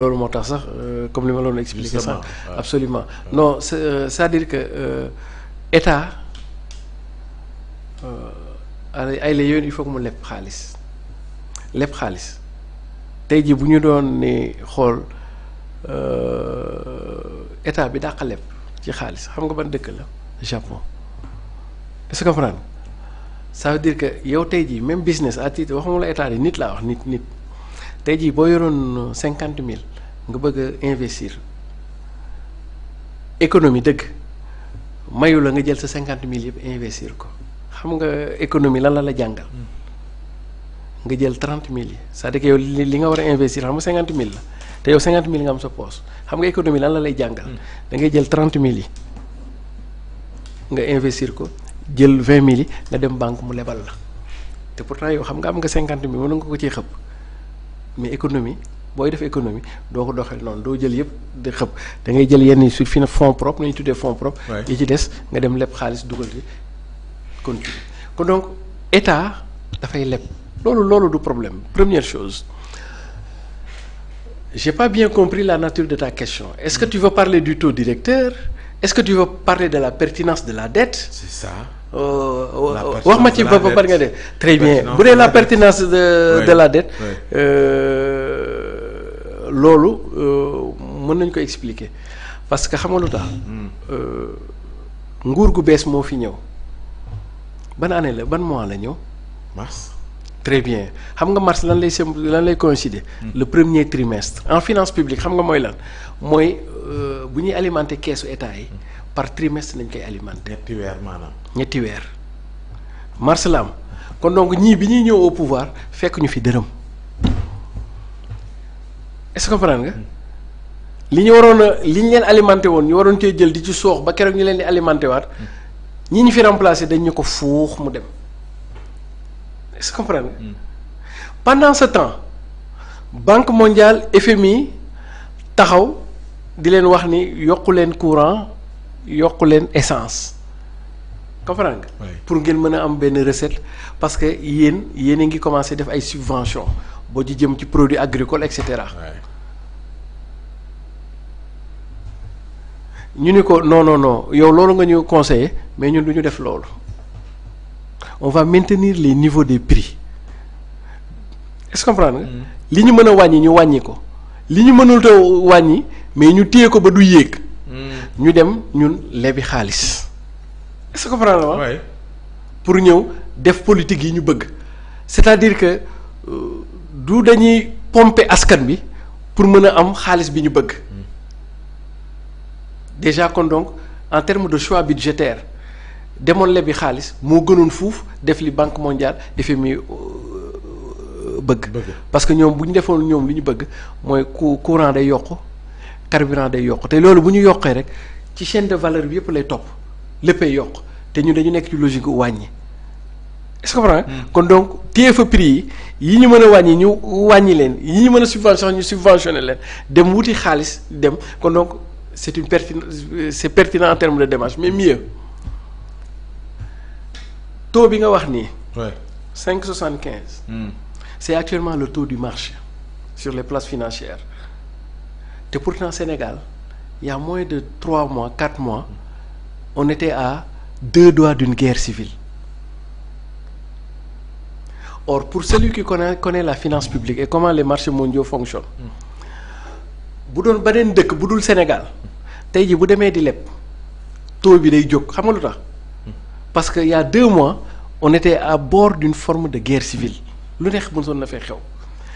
loolu moo tax sax euh, comme li ma loon expliqué sax absolument ouais. non c'est, euh, c'est-à-dire que euh, état euh, ay la mu leb xaalis leb xaalis tey jii bu ñu doon ni xool état bi dàq leb ci xaalis xam nga ban dëkk la Japon est-ce que comprendre ça veut dire que yow tey jii même business à titre waxuma la état yi nit laa wax nit nit tey jii boo yoroon cinquante mille nga bëgg a investir économie dëgg mayu la nga jël sa cinquante mille yëpp investir ko xam nga économie lan la la jàngal hmm. nga jël trente mille yi c'est-à-dire li nga war a investir xam nga cinquante mille la te yow cinquante mille nga am sa poos xam nga économie lan la lay jàngal hmm. da ngay jël trente mille yi nga investir ko jël vingt mille yi nga dem banque mu lebal la te pourtant yow xam nga am nga cinquante mille mën nga ko ciy xëpp mais économie booy def économie doo ko doxee noonu doo jël yëpp di xëp da jël yenn yi sur fi na fonds propre nañu tuddee fonds propre yi ci des nga dem leb xaalis dugal di continuer kon donc état dafay leb loolu loolu du problème première chose j'ai pas bien compris la nature de ta question est-ce que tu veux parler du taux directeur est-ce que tu veux parler de la pertinence de la dette c'est ça wax ma ci ba ba pare nga de très bien bu dee la pertinence de la dette loolu mën nañ ko expliquer parce que xam nga lu tax hmm. euh, nguur gu bees moo fi ñëw ban année la ban mois la ñëw mars très bien xam nga mars lan lay sem lan lay coïncider hmm. le premier trimestre en finance publique xam nga mooy lan mooy euh, bu ñuy alimenter keesu état yi hmm. par trimestre nañ koy alimenter. ñetti weer maanaam. ñetti weer mars la kon donc ñii bi ñuy ñëw au pouvoir fekk ñu fi dërëm est-ce que nga. Hmm. li ñu waroon a li ñu leen alimenté woon ñu waroon cee jël di ci soox ba keroog ñu leen di alimenté waat hmm. ñi ñu fi remplacé dañ ñu ko fuux mu dem est-ce que comprendre nga. Hmm. pendant ce temps banque mondiale FMI taxaw di leen wax ni yokku leen courant. yokk leen essence comprendre nga pour ngeen mën a am benn recette parce que yéen yéen a ngi commencé def ay subvention boo ci jëm ci produit agricole et cetera ñu ni ko non non non yow loolu nga ñu conseiller mais ñun du ñu def loolu on va maintenir les niveaux des prix est-ce nga mm. li ñu mën a wàññi ñu wàññi ko li ñu mënul te wàññi mais ñu téye ko ba du yéeg ñu dem ñun lebi xaalis est pour ñëw def politique yi ñu bëgg c'est-à-dire que euh, du dañuy pompe askan bi pour mën a am xaalis bi ñu bëgg hmm. déjà kon donc en terme de choix budgétaire demoon lebi xaalis moo gënoon fuuf def li banque mondiale FMI euh, bëgg parce que ñoom bu ñu defoon ñoom li ñu bëgg mooy courant day yokk carburant day yokk te loolu bu ñu yokkee rek ci chaîne de valeur bi yëpp lay topp léppay yokk te ñun dañu nekk ci logique wàññi est-ce que comprend hmm. kon donc téye fa prix yi yi ñu mën a wàññi ñu wàññi leen yi ñu mën a subvention ñu subventionné leen dem wuti xaalis dem kon donc c'est une pertinent c'est pertinent en termes de démarche mais mieux taux bi nga wax nii. cinq soixante quinze. Hmm. c'est actuellement le taux du marché sur les places financières. te pour pourtant Sénégal il y de trois mois quatre mois on était à deux doigts d'une guerre civile or pour celui qui connaît connaît la finance publique et comment les marchés mondiaux fonctionnent bu doon beneen dëkk bu dul Sénégal tey ji bu demee di leb taux bi day jóg xam nga lu tax parce que il y deux mois on était à bord d'une forme de guerre civile lu neex mën soon na fee xew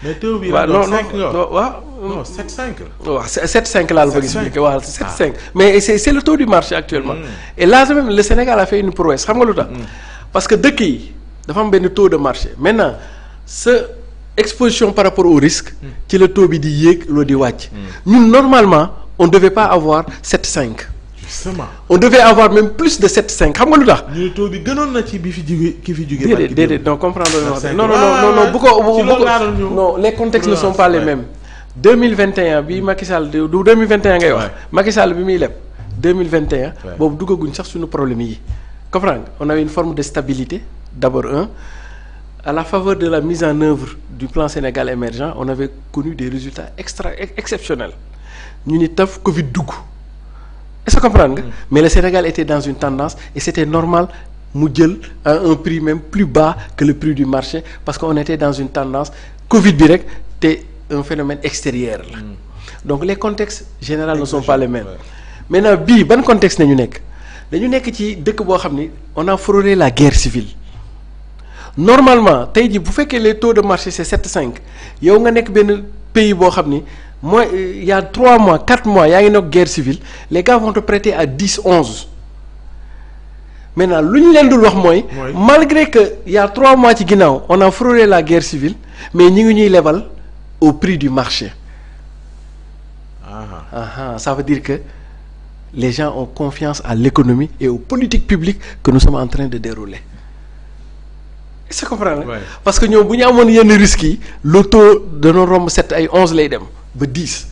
mais taux bi waaw non non waaw 7 5. waaw 7 5 laa la bëgg expliquer waaw 7 ah. mais c'est c'est le taux du marché actuellement. Hmm. et là même le Sénégal a fait une prouesse xam nga lu tax. Hmm. parce que dëkk yi dafa am benn taux de marché maintenant sa exposition par rapport au risque. Hmm. ci la taux bi di yéeg loolu di wàcc. ñun normalement on devait pas avoir 7 5. justement on devait avoir même plus de 7,5 xam nga lu tax. ñuy taux bi gënoon na ci bi fi jugee ki fi jugee. déedéet déedéet non comprendre non non non non ah, bu ko bu ko non les contextes ne sont pas les mêmes. 2021 bi Macky Sall du 2021 ngay wax. Macky Sall bi muy leb 2021. waaw boobu duggaguñ sax suñu problème yi. comprendre nga on avait une forme de stabilité d'abord un à la faveur de la mise en œuvre du plan Sénégal émergent on avait connu des résultats extra exceptionnels ñu ni taf Covid dugg. est-ce que nga mais le Sénégal était dans une tendance et c'était normal mu jël à un prix même plus bas que le prix du marché parce que on était dans une tendance Covid bi rek te un phénomène extérieur la hmm. donc les contextes général ne sont pas les mêmes maintenant bii ban contexte nañu nekk dañu nekk ci dëkk boo xam ni on a frôlé la guerre civile normalement tey jii bu fekkee le taux de marché c'est sept cinq yow nga nekk benn pays boo xam ni mooy il trois mois quatre mois yaa ngi nekk guerre civile les gars vont te prêter à dix onze maintenant lu ñu leen dul wax mooy. malgré que il trois mois ci ginnaaw on a frôlé la guerre civile mais ñi ngi ñuy lebal au prix du marché. ah ah ça dire que les gens ont confiance à l'économie et aux politiques publiques que nous sommes en train de dérouler. est-ce que comprendre parce que ñoom bu ñu amoon yenn risques yi le taux dana romb sept ay onze lay dem. ba dix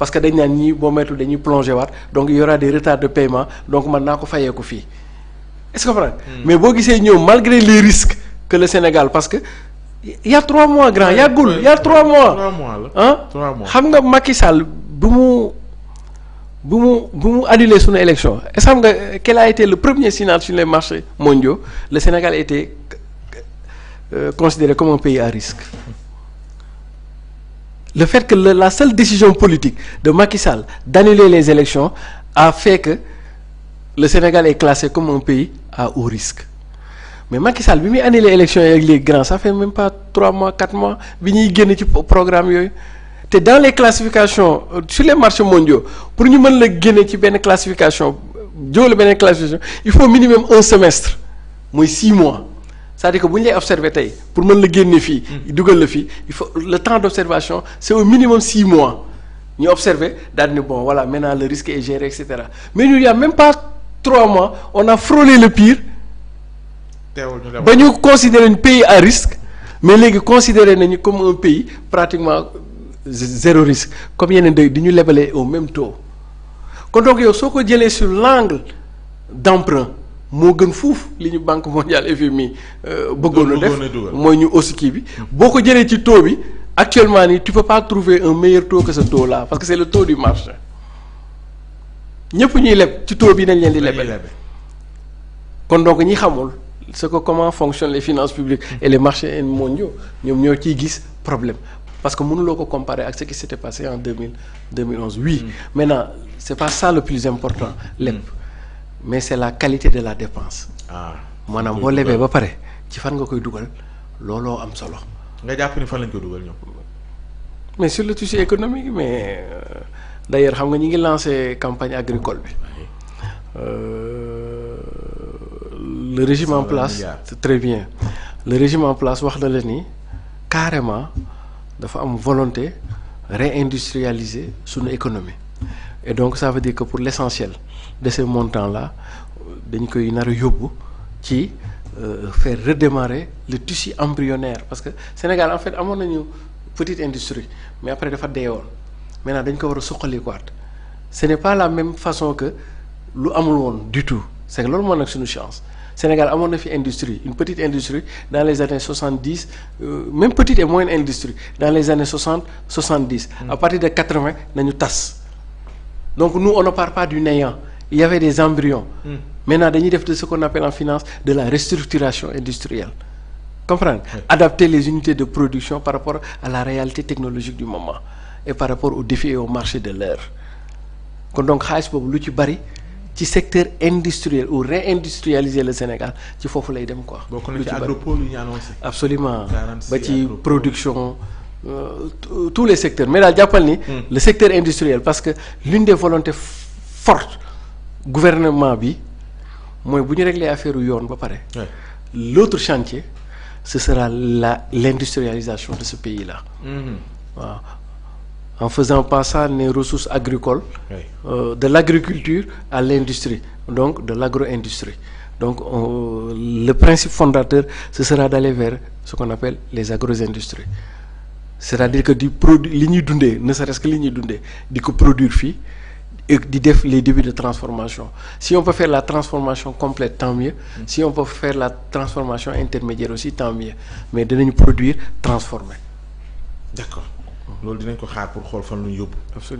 parce que dañ naan ñii boo moytuwul dañuy plongé waat donc y aura des retards de paiement donc man naa ko fayee ko fii est-ce que comprendre hmm. mais boo gisee ñëw malgré les risque que le Sénégal parce que y trois mois grand yàggul y a trois mois ah xam nga Macky Sall bu mu bu mu bu mu annulé suñu élection est xam nga quel a été le premier signal sur marché marchés mondiaux le Sénégal était euh, considéré comme un pays à risque le fait que la seule décision politique de Macky Sall d'annuler les élections a fait que le Sénégal est classé comme un pays à haut risque mais Macky bi muy annulé élections yi ak les grands ça fait même pas trois mois quatre mois bi ñuy génn ci programme yooyu te dans les classifications euh, sur les marchés mondiaux pour ñu mën la génne ci benn classification jóole benn classification il faut minimum un semestre mooy six mois c'est-à-dire que bu ñu lay observer tey pour mën la génne fii. Mm. dugal la fii il faut le temps d'observation c'est au minimum six mois ñu observer daal ni bon voilà maintenant le risque et géré et cetera mais ñu y même pas trois mois on a frôlé le pire. ba ñu considérer un pays à risque mais léegi considérer nañu comme un pays pratiquement zéro risque comme yeneen dëkk di ñu lebalee au même taux kon donc yow soo ko jëlee sur l'angle d'emprunt moo gën fuuf li ñu banque mondiale FMI euh, bëggoon lu def mooy ñu aussi kii bi boo ko jëlee ci taux bi actuellement nii tu peux pas trouver un meilleur taux que ce taux là parce que c'est le taux du marché ñëpp ñuy leb ci taux bi nañ leen di lebel kon donc ñi xamul ce que comment fonctionnent les finances publiques et les marchés mondiaux ñoom ñoo ciy gis problème parce que mënuloo ko comparer ak ce qui s'était passé en 2000 2011 oui mm. c'est pas ça le plus important lépp mais c'est la qualité de la dépense. ah maanaam boo lebee ba pare ci fan nga koy dugal looloo am solo. nga jàpp ni fan lañ koy dugal ñoom. mais sur le tissu économique mais euh, d'ailleurs xam nga ñi ngi lancé campagne agricole bi. Euh, le régime en place c'est très bien le régime en place wax na la ni carrément dafa am volonté réindustrialiser suñu économie et donc ça veut dire que pour l'essentiel de ces montants la dañ koy nar a yóbbu ci euh, faire redémarrer le tissu embryonnaire parce que Sénégal en fait amoon nañu petite industrie mais après dafa dee woon maintenant dañ ko war a suqalikuwaat ce n'est pas la même façon que lu amul woon du tout c'est que loolu moo nag suñu chance Sénégal amoon na fi industrie une petite industrie dans les années soixante-dix euh, même petite et moyenne industrie dans les années soixante soixante-dix mm. à partir de quatre-vingt nañu tas donc il y avait des embryons. Mm. maintenant dañuy def de ce qu'on en finance de la restructuration industrielle. comprendre oui. Hmm. adapter les unités de production par rapport à la réalité technologique du moment et par rapport aux défis et au marché de l'heure kon donc xaalis boobu lu ci bari. ci secteur industriel ou réindustrialiser le Sénégal ci foofu lay dem ko bokk na ci agropole yu ñu annoncé. absolument ba ci production euh, tous les secteurs mais daal jàppal ni. Hmm. le secteur industriel parce que l'une des volontés fortes gouvernement bi mooy bu ñu reglee affaire yoon ba pare. l'autre chantier ce sera la l'industrialisation de ce pays là. Mm-hmm. waaw en faisant passer les ressources agricoles. Euh, de l'agriculture à l'industrie donc de l'agro-industrie. Donc on, euh, le principe fondateur, ce sera d'aller vers ce qu'on appelle les agro-industries. C'est-à-dire que di produit li ñuy dundee ne serait-ce que li ñuy dundee di ko produire fii. di def les débuts de transformation si on peut faire la transformation complète tant mieux mm. si on peut faire la transformation intermédiaire aussi tant mieux mais dinañu produire transformer d'accord loolu dinañ ko xaar pour xool fan lu ñu yóbbu